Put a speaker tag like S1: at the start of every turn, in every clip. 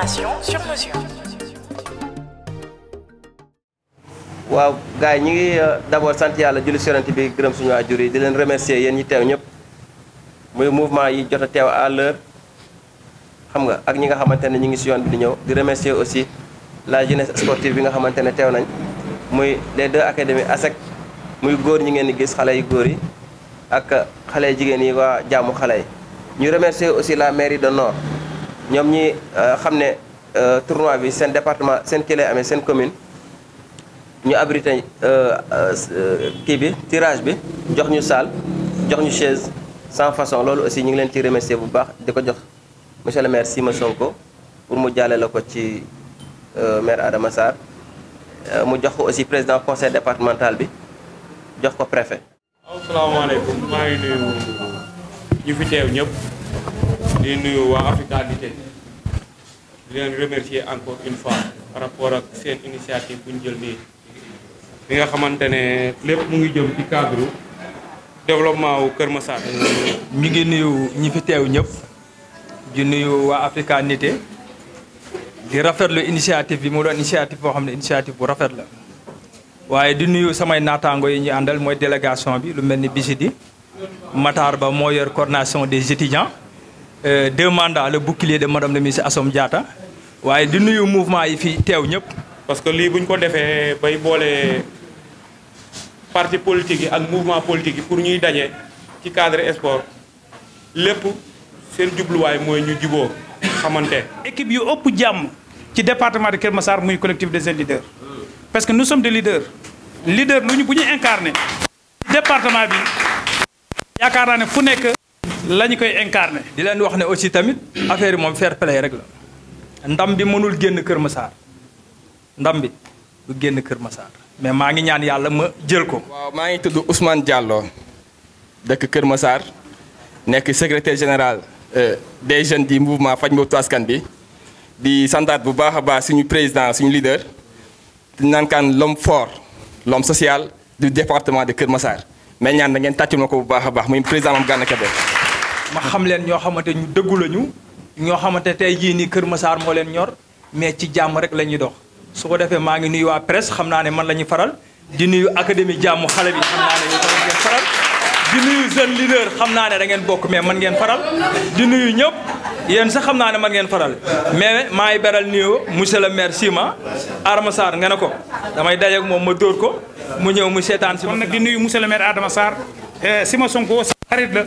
S1: formation sur mesure. waaw gars yi ñu ngi euh, d'abord sant yàlla julli si bi gërëm suñu waajur yi di leen remercier yéen ñi teew ñëpp muy mouvement yi jot a teew à l'heure xam nga ak ñi nga xamante ne ñu ngi si yoon bi di ñëw di remercier aussi la jeunesse sportive bi nga xamante ne teew nañ muy les deux académies ASEC muy góor ñi ngeen di gis xale yu góor yi ak xale jigéen yi waa jaamu xale yi ñu remercier aussi la mairie de Nord ñom ñi euh, xamné euh tournoi bi seen département seen kii amé amee seen commune ñu abrité euh, kii bi tirage bi jox ñu salle jox ñu chaise sans façon lolu aussi ñu ngi leen ci remercier bu baax diko jox monsieur le maire Sima Sonko pour mu jàlle lako ci euh maire Adama Sar euh, mu jox ko aussi président conseil départemental bi jox ko préfet.
S2: asalaamaaleykum maa ngi nuyu ñu fi tew ñëpp. di nuyu waa Africabilité di leen remercier encore une fois par rapport ak seen initiative bu ñu jël nii nga xamante ne lépp mu ngi jëm ci cadre développement wu Kër Massar. ñu ngi nuyu ñi fi teew ñëpp di nuyu waa Africanité di rafetlu initiative bi mu doon initiative boo xam ne initiative bu rafet la waaye di nuyu samay naataango yi ñu àndal mooy délégation bi lu mel ni Bisidi Matar Ba moo yor coordination des étudiants. Euh, deux mandats le bouclier de madame le ministre Assom Diatta nous avons un mouvement yi fi teew ñëpp. parce que lii bu fait ko defee bay boole parti politique yi ak mouvement politique pour ñuy daje ci cadre sport lépp seen jubluwaay mooy ñu L'équipe xamante équipe yu ëpp jàmm ci département de Kermassar, est muy collectif des leaders parce que nous sommes des leaders leader nous ñu bu incarner. il département bi 40 ans, ne fu que. lañ koy incarner di len wax ne aussi tamit affaire mom fair play rek la ndam bi mënul keur ma sar ndam bi du keur ma sar mais ma ngi ñaan yalla ma jël ko. waaw ma ngi tudd Ousmane Diallo keur ma sar nek secrétaire général euh, des jeunes du mouvement faj mo toaskan bi di santat bu baakha a suñu président suñu leader nan kan l'homme fort l'homme social du département de ma sar mel ñaan da ngeen tatchu mako bu baakha a baax muy président Mame Gana Kébé ma xam len ño xamante ñu deggu lañu ño xamante tay ji ni Kër Massar mo len ñor mais ci jamm rek lañuy dox su ko defee ma ngi nuyu wa presse xamna né man lañuy faral di nuyu académie jamm xalé bi xamna né yow ngeen faral di nuyu jeune leader xamna né da ngeen bok mais man ngeen faral di nuyu ñëpp yeen sax xamna né man ngeen faral mais maa ngi beral monsieur le maire Sima Adama Sarr nga ko damay ak mom ma door ko mu ñëw mu sétane ci kon di nuyu monsieur le maire Adama Sarr eh, Sima Sonko xarit la.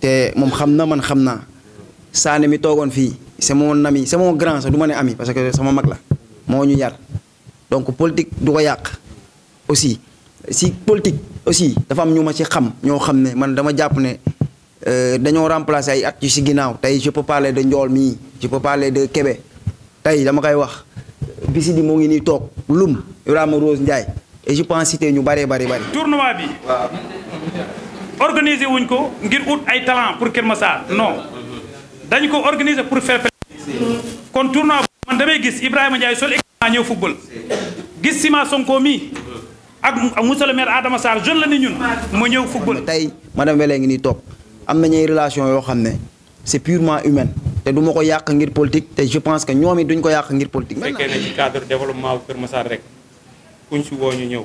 S1: té man mi c'est mon ami c'est mon grand ami parce que sama mag la ñu donc politique du ko aussi si politique aussi dafa am ñu ci xam ñoo man dama que ne euh, dañoo remplacer ay at ci je peux parler de ndjol mi je peux parler de Québec, dama wax bisi di ngi et je pense citer ñu
S2: organiser wuñ ko ngir ut ay talent pour Kër Massar non dañ ko organiser pour faire kon tournoi man damay gis Ibrahima Ndiaye sol équipement ñëw football gis Sima Sonko mii ak monsieur le maire Adama Sarr jeune la ni ñun mu ñëw
S1: football. tey madame Wele ngi nii topp am na ñuy relation yoo xam ne c'est purement humaine te du ma ko yàq ngir politique te je pense que ñoom it duñ ko yàq ngir politique.
S2: fekkee ne développement wu Kër Massar rek kuñ si woo ñu ñëw.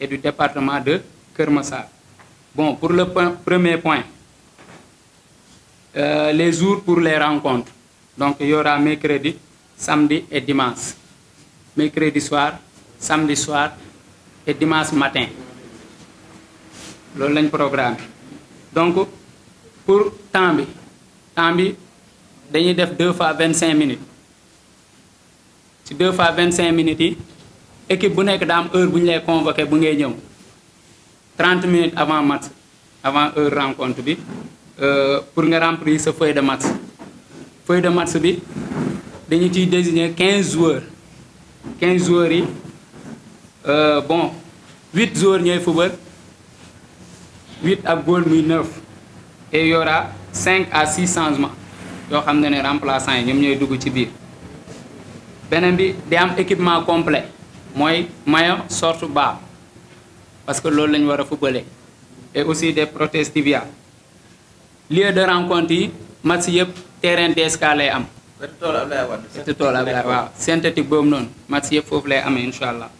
S3: et du département de Kermassar. Bon, pour le premier point, euh, les jours pour les rencontres. Donc, il y aura mercredi, samedi et dimanche. Mercredi soir, samedi soir et dimanche matin. Le programme donc pour Tambi, Tambi, il bi deux fois 25 minutes Si deux fois 25 minutes équipe bu nekk daa am heure bu ñu lay convoqué bu ngay ñëw 30 minutes avant match avant heure rencontre bi euh, pour nga remplir sa feuille de match feuille de match bi dañu ciy désigner 15 joueurs 15 joueurs yi euh, bon 8 joueurs ñooy football 8 ak góol muy 9 et y aura 5 à 6 changements yoo xam ne ne remplaçant yi ñoom ñooy dugg ci biir beneen bi day am équipement complet moy maillot short bas parce que loolu la wara war de footballer et aussi des prothèses tibiales lieu de rencontre match yëpp terrain d'escale am.
S1: C'est tool Ablaye
S3: c'est wetu synthétique boobu non match yëpp foofu lay amee incha allah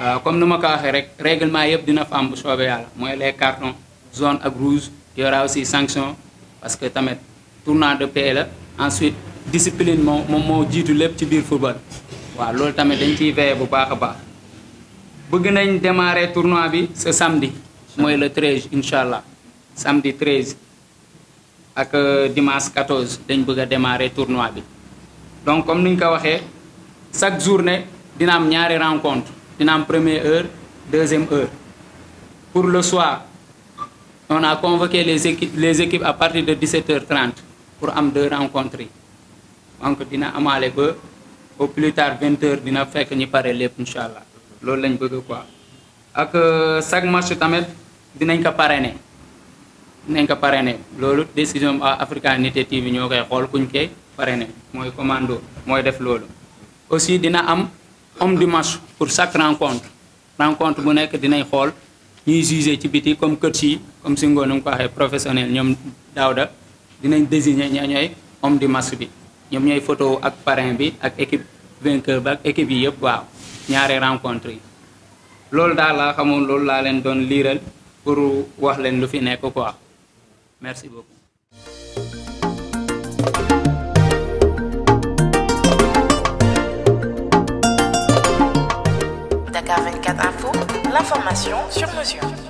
S3: euh, comme numa ma ko waxee rek règlement yëpp dina fa am bu soobee les cartons jaune ak rouge y aura aussi sanction parce que tamet tournant de paix e, ensuite discipline moom mo jitu lepp ci bir football. C'est c'est que dañ ciy veillé bu tournoi ce samedi C'est le 13 Inch'Allah. samedi 13 ak euh, dimanche 14 dañ bëgg démarré le tournoi donc comme nous avons ko chaque journée dina am ñaari rencontre dina am première heure deuxième heure pour le soir on a convoqué les équipes à partir de 17h30 pour am deux rencontres on dina ba. au plus tard vingt dina fekk ñu pare lépp incha allah loolu lañu bëgg quoi ak euh, chaque match tamit dinañ ko pare parrainer dinañ ko parrainer loolu décision à Africanité TV ñoo koy xool kuñ koy pare parrainer mooy commando mooy def loolu. aussi dina am homme du match pour chaque rencontre rencontre bu nekk dinañ xool ñuy jugé ci biti comme coach yi comme si ngoon nu mu ko waxee professionnel ñoom Daouda dinañ désigner ña ñooy homme di match bi. ñom ñooy photo ak parrain bi ak équipe vainqueur ba ak équipe yi yëpp waaw ñaari rencontre yi loolu daal laa xamoon loolu laa leen doon liiral pour wax leen lu fi nekk quoi merci beaucoup.
S1: Dakar 24 Info, l'information sur mesure.